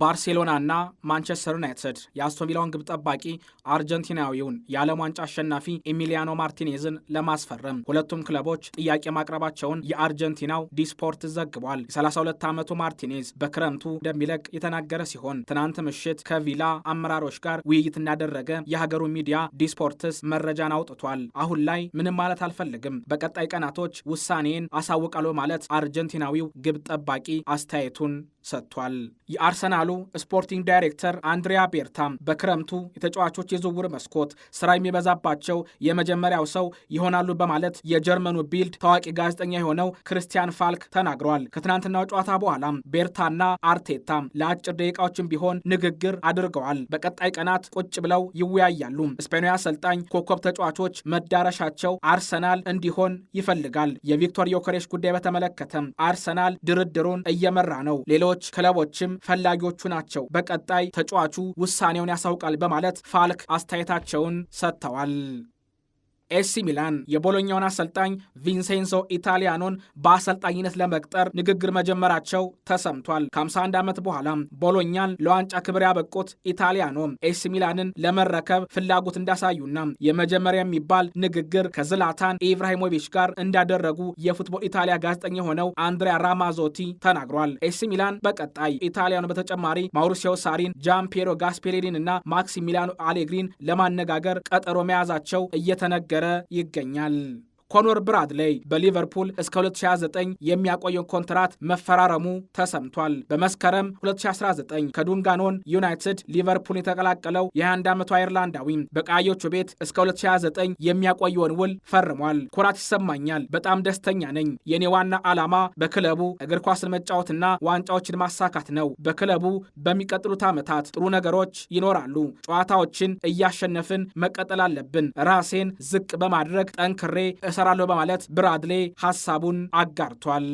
ባርሴሎናና ማንቸስተር ዩናይትድ የአስቶን ግብ ጠባቂ አርጀንቲናዊውን የዓለም ዋንጫ አሸናፊ ኤሚሊያኖ ማርቲኔዝን ለማስፈረም ሁለቱም ክለቦች ጥያቄ ማቅረባቸውን የአርጀንቲናው ዲስፖርት ዘግቧል። የ32 ዓመቱ ማርቲኔዝ በክረምቱ እንደሚለቅ የተናገረ ሲሆን ትናንት ምሽት ከቪላ አመራሮች ጋር ውይይት እንዳደረገ የሀገሩ ሚዲያ ዲስፖርትስ መረጃን አውጥቷል። አሁን ላይ ምንም ማለት አልፈልግም፣ በቀጣይ ቀናቶች ውሳኔን አሳውቃለሁ ማለት አርጀንቲናዊው ግብ ጠባቂ አስተያየቱን ሰጥቷል። የአርሰናል የአርሰናሉ ስፖርቲንግ ዳይሬክተር አንድሪያ ቤርታም በክረምቱ የተጫዋቾች የዝውውር መስኮት ስራ የሚበዛባቸው የመጀመሪያው ሰው ይሆናሉ በማለት የጀርመኑ ቢልድ ታዋቂ ጋዜጠኛ የሆነው ክርስቲያን ፋልክ ተናግሯል። ከትናንትናው ጨዋታ በኋላም ቤርታና አርቴታ ለአጭር ደቂቃዎችን ቢሆን ንግግር አድርገዋል። በቀጣይ ቀናት ቁጭ ብለው ይወያያሉ። ስፔናዊ አሰልጣኝ ኮከብ ተጫዋቾች መዳረሻቸው አርሰናል እንዲሆን ይፈልጋል። የቪክቶር ዮከሬሽ ጉዳይ በተመለከተም አርሰናል ድርድሩን እየመራ ነው። ሌሎች ክለቦችም ፈላጊዎች ዋነኞቹ ናቸው። በቀጣይ ተጫዋቹ ውሳኔውን ያሳውቃል በማለት ፋልክ አስተያየታቸውን ሰጥተዋል። ኤሲ ሚላን የቦሎኛውን አሰልጣኝ ቪንሴንሶ ኢታሊያኖን በአሰልጣኝነት ለመቅጠር ንግግር መጀመራቸው ተሰምቷል። ከ51 ዓመት በኋላ ቦሎኛን ለዋንጫ ክብር ያበቁት ኢታሊያኖ ኤሲ ሚላንን ለመረከብ ፍላጎት እንዳሳዩና የመጀመሪያ የሚባል ንግግር ከዝላታን ኢብራሂሞቪች ጋር እንዳደረጉ የፉትቦል ኢታሊያ ጋዜጠኛ የሆነው አንድሪያ ራማዞቲ ተናግሯል። ኤሲ ሚላን በቀጣይ ኢታሊያኖ በተጨማሪ ማውሪሲዮ ሳሪን፣ ጃምፔሮ ጋስፔሬሊን እና ማክሲሚሊያኖ አሌግሪን ለማነጋገር ቀጠሮ መያዛቸው እየተነገ እየተቸገረ ይገኛል። ኮኖር ብራድሌይ በሊቨርፑል እስከ 2029 የሚያቆየውን ኮንትራት መፈራረሙ ተሰምቷል። በመስከረም 2019 ከዱንጋኖን ዩናይትድ ሊቨርፑል የተቀላቀለው የ21 ዓመቱ አይርላንዳዊም በቃዮቹ ቤት እስከ 2029 የሚያቆየውን ውል ፈርሟል። ኩራት ይሰማኛል፣ በጣም ደስተኛ ነኝ። የኔ ዋና ዓላማ በክለቡ እግር ኳስን መጫወትና ዋንጫዎችን ማሳካት ነው። በክለቡ በሚቀጥሉት ዓመታት ጥሩ ነገሮች ይኖራሉ። ጨዋታዎችን እያሸነፍን መቀጠል አለብን። ራሴን ዝቅ በማድረግ ጠንክሬ እሰ እከራከራለሁ በማለት ብራድሌ ሀሳቡን አጋርቷል።